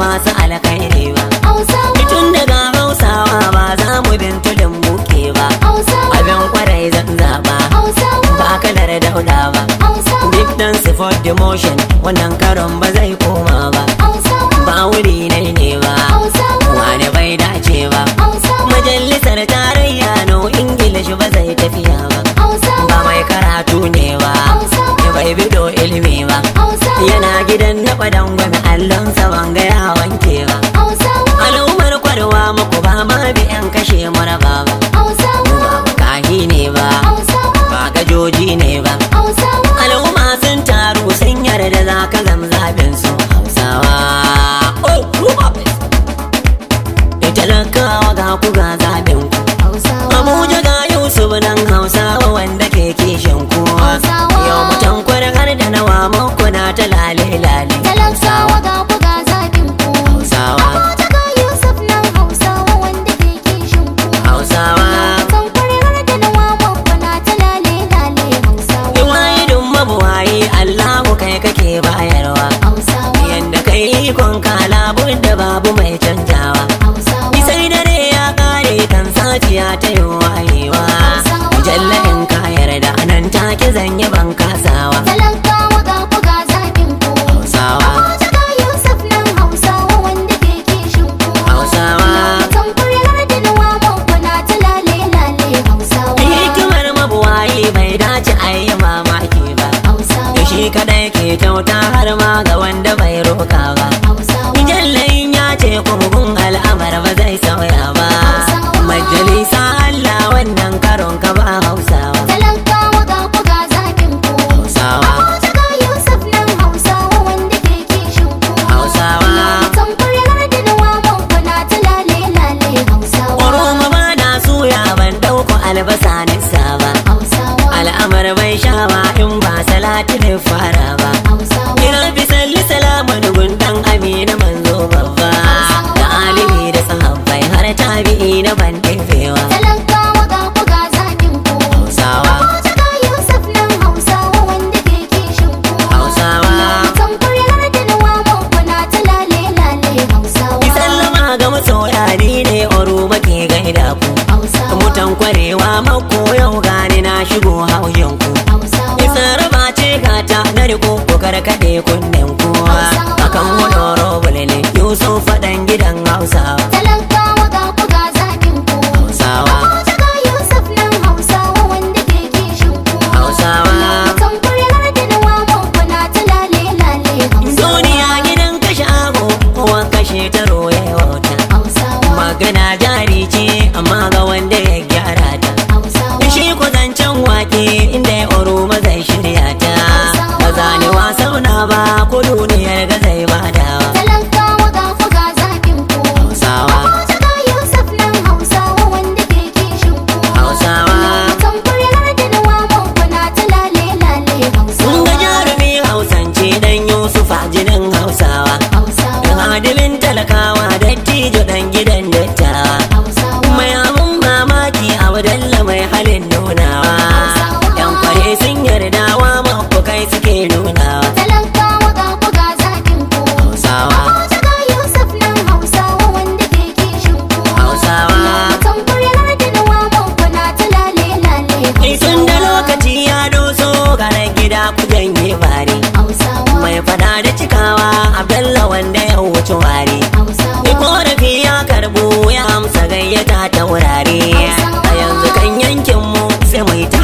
masu alkhairi ba tun daga hausawa ba za mu bin tudun buke ba abin kwarai zan zaba ba kalar dauda ba big dance for the motion wannan karon ba zai ba ne fara ba kiran fi salli salamun gundan amina manzo babba da alimi da sahabbai har tabi'i na bandin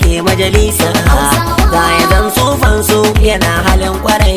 ke majalisa ga yadan zan su yana halin kwarai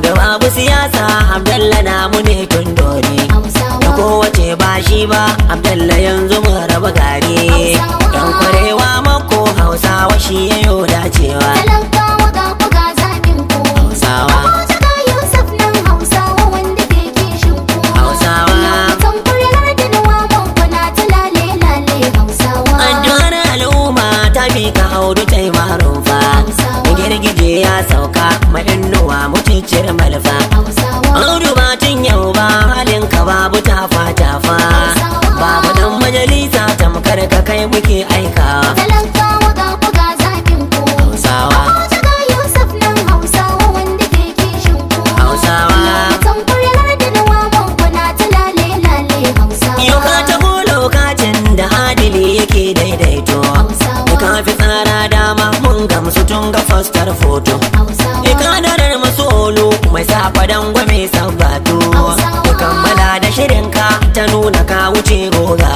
da babu siyasa Abdalla na mu ne tun dore da kowace ba shi ba Abdalla yanzu mu raba gari dan kwarewa mako Hausawa shi ya yau dacewa would not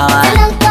Walang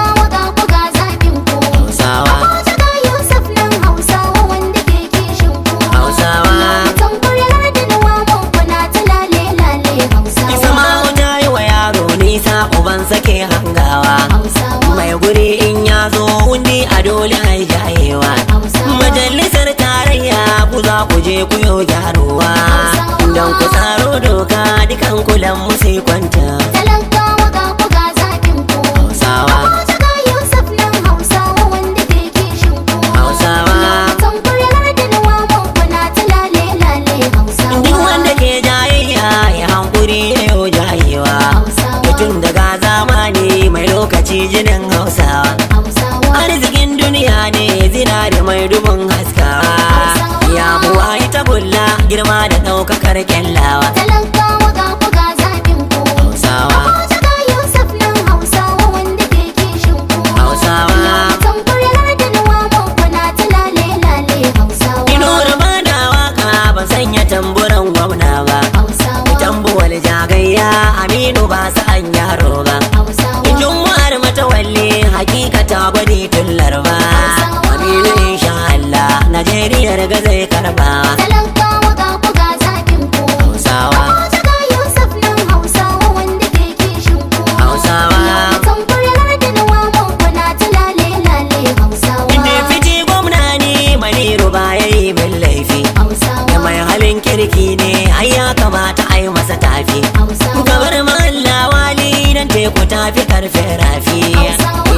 fi karfe rafi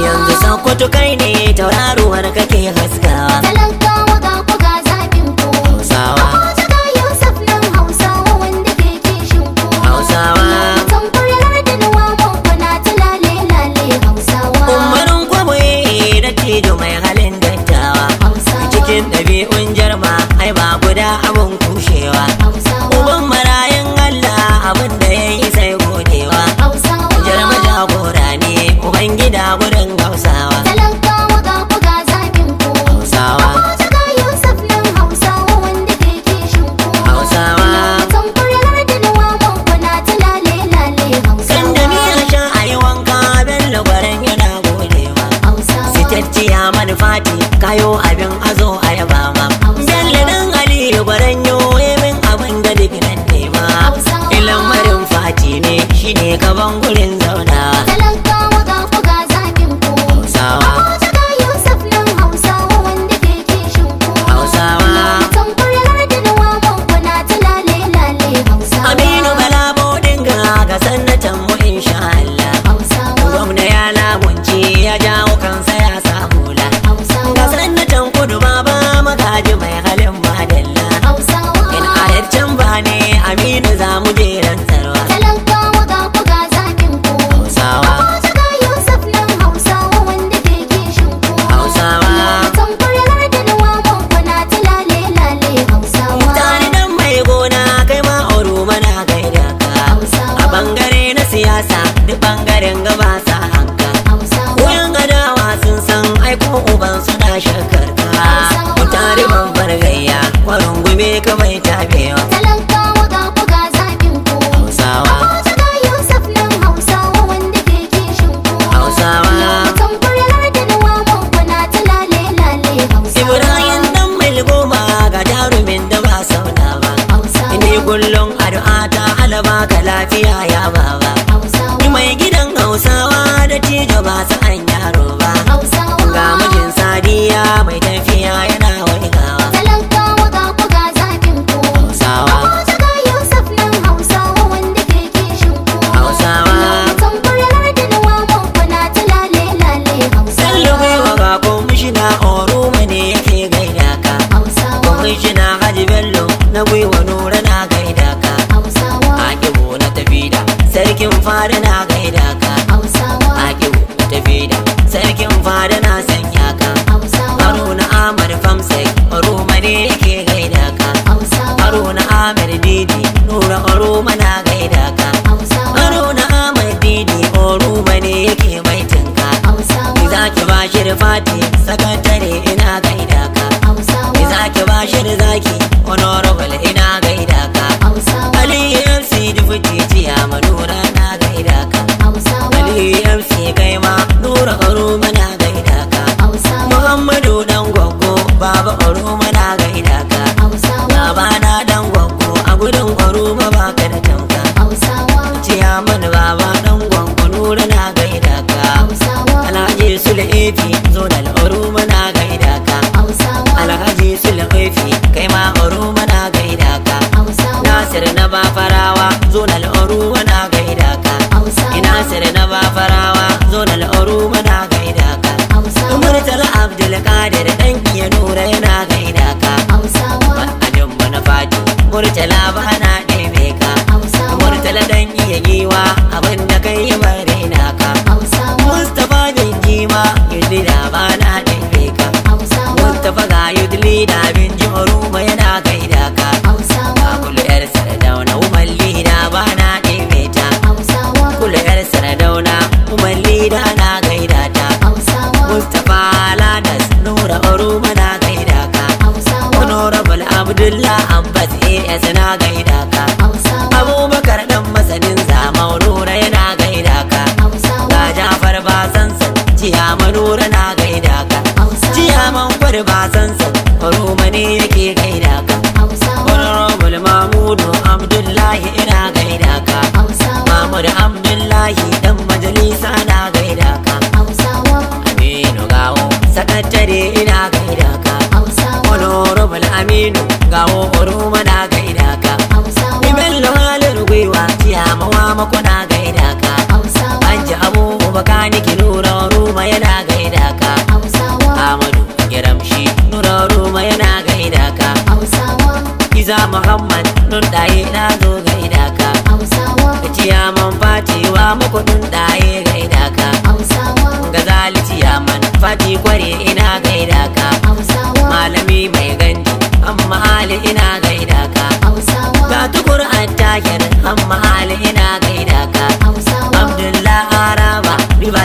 yanzu sauko kai ne har kake gida gurin gausawa lafiya ya baba mai gidan hausawa da tijo ba an yaro ba ga mijin sadiya mai tafiya fida sarkin fada murtala bana niki nura ruma yana gaida ka Amadu Giramshi nura ruma yana gaida ka Iza Muhammad nun daye na zo gaida ka fati wa muku nun daye gaida ka Gazali ciyaman fati kware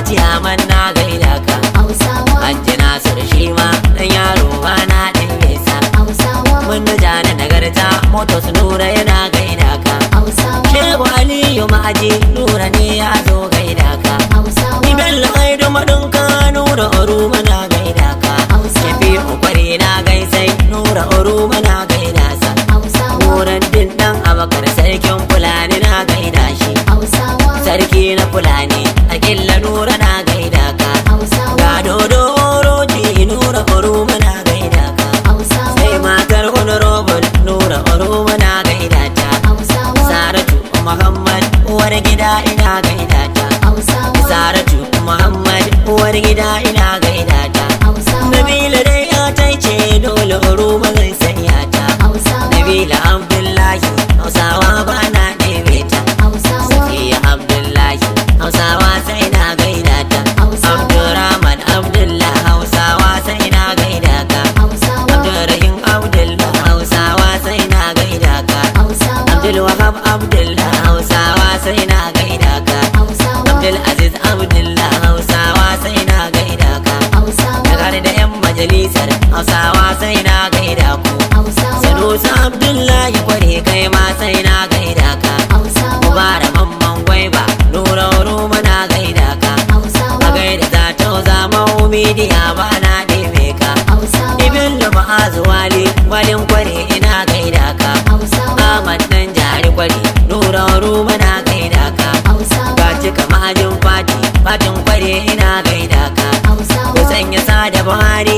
fatiya man na gaida ka hajji nasir shi ma dan yaro ba na ɗan yasa mun ja na nagarta motos nura yana gaida ka shebu aliyu ma'aji nura ne ya zo gaida ka ibel aido ka nura oru mana gaida ka yafi ukwari na gaisai nura oru mana gaida sa nuran din dan abakar sarkin fulani na gaida shi sarki na fulani sai na gaida ka Abdul Aziz Abdullah Hausawa sai na gaida ka Daga da yan majalisar Hausawa sai na gaida ku Sanusi Abdullahi kware kai ma sai na gaida ka Mubarak Mamman Gwaiba Nura Ruma na gaida ka A gaida ta tauza mahu midiya ba na ɗebe ka Ibn Lumazu Wali Walin agora